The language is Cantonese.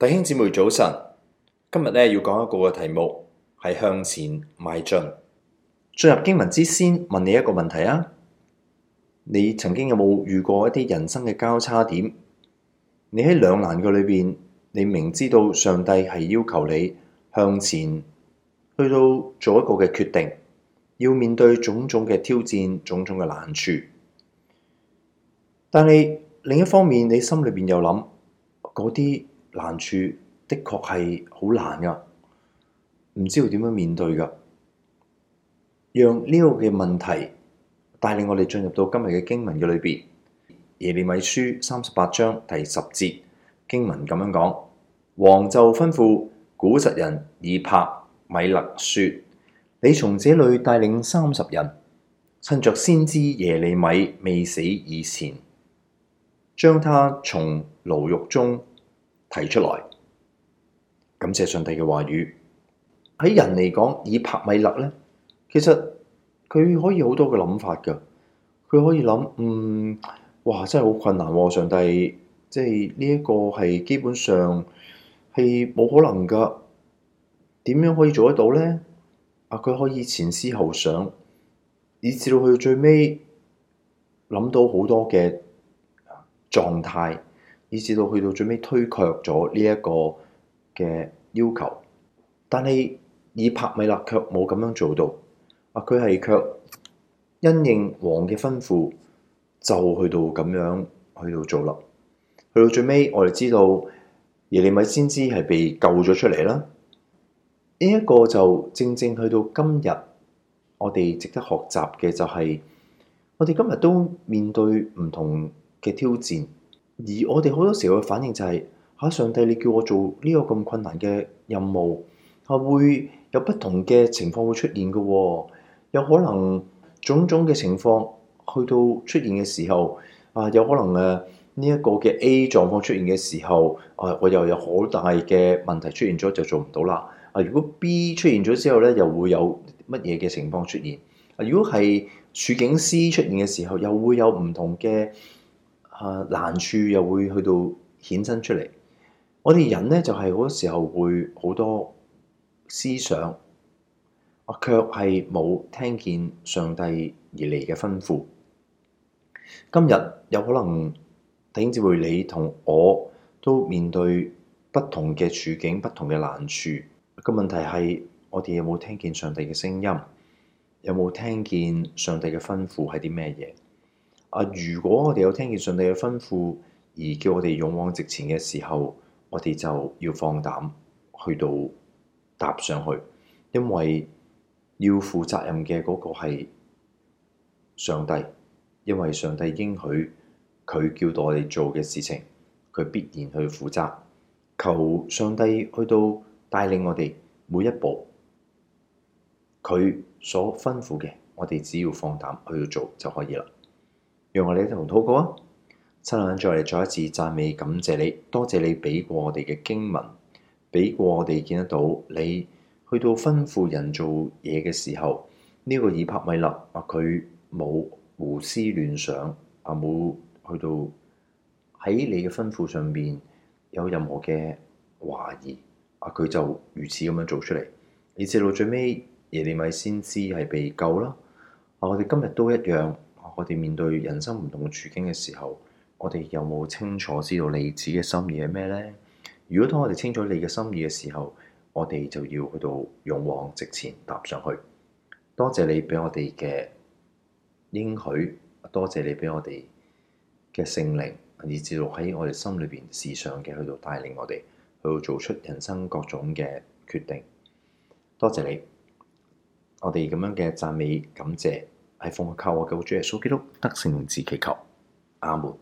弟兄姊妹早晨，今日咧要講一個嘅題目係向前邁進。進入經文之先，問你一個問題啊：你曾經有冇遇過一啲人生嘅交叉點？你喺兩難嘅裏面，你明知道上帝係要求你向前去到做一個嘅決定，要面對種種嘅挑戰、種種嘅難處。但係另一方面，你心裏面又諗嗰啲。難處的確係好難噶，唔知道點樣面對噶。讓呢個嘅問題帶領我哋進入到今日嘅經文嘅裏邊。耶利米書三十八章第十節經文咁樣講：王就吩咐古實人以伯米勒說：你從這裏帶領三十人，趁着先知耶利米未死以前，將他從牢獄中。提出來，感謝上帝嘅話語。喺人嚟講，以伯米勒咧，其實佢可以好多嘅諗法㗎。佢可以諗，嗯，哇，真係好困難喎、啊！上帝，即係呢一個係基本上係冇可能㗎。點樣可以做得到咧？啊，佢可以前思後想，以至到佢最尾諗到好多嘅狀態。以至到去到最尾推卻咗呢一個嘅要求，但係以伯米勒卻冇咁樣做到。啊，佢係卻因應王嘅吩咐，就去到咁樣去到做啦。去到最尾，我哋知道耶利米先知係被救咗出嚟啦。呢、這、一個就正正去到今日，我哋值得學習嘅就係、是、我哋今日都面對唔同嘅挑戰。而我哋好多時候嘅反應就係、是、嚇、啊、上帝，你叫我做呢個咁困難嘅任務，啊，會有不同嘅情況會出現嘅喎、哦，有可能種種嘅情況去到出現嘅時候，啊，有可能誒呢一個嘅 A 狀況出現嘅時候，啊，我又有好大嘅問題出現咗就做唔到啦。啊，如果 B 出現咗之後呢，又會有乜嘢嘅情況出現？啊，如果係處境 C 出現嘅時候，又會有唔同嘅。啊，難處又會去到衍生出嚟。我哋人呢，就係、是、好多時候會好多思想，我卻係冇聽見上帝而嚟嘅吩咐。今日有可能，頂住會你同我都面對不同嘅處境、不同嘅難處。個問題係，我哋有冇聽見上帝嘅聲音？有冇聽見上帝嘅吩咐係啲咩嘢？啊！如果我哋有聽見上帝嘅吩咐，而叫我哋勇往直前嘅時候，我哋就要放膽去到踏上去，因為要負責任嘅嗰個係上帝，因為上帝應許佢叫到我哋做嘅事情，佢必然去負責。求上帝去到帶領我哋每一步，佢所吩咐嘅，我哋只要放膽去做就可以啦。讓我哋呢度禱告啊！親眼再嚟再一次讚美感謝你，多謝你俾過我哋嘅經文，俾過我哋見得到你去到吩咐人做嘢嘅時候，呢、這個以伯米勒啊，佢冇胡思亂想啊，冇去到喺你嘅吩咐上面有任何嘅懷疑啊，佢就如此咁樣做出嚟。你至到最尾，耶利米先知係被救啦。啊，我哋今日都一樣。我哋面對人生唔同嘅處境嘅時候，我哋有冇清楚知道你自己嘅心意係咩呢？如果當我哋清楚你嘅心意嘅時候，我哋就要去到勇往直前踏上去。多謝你俾我哋嘅應許，多謝你俾我哋嘅聖靈，以至到喺我哋心裏邊時常嘅去到帶領我哋去到做出人生各種嘅決定。多謝你，我哋咁樣嘅讚美感謝。係奉我靠我嘅主耶穌基督得勝名字祈求，阿門。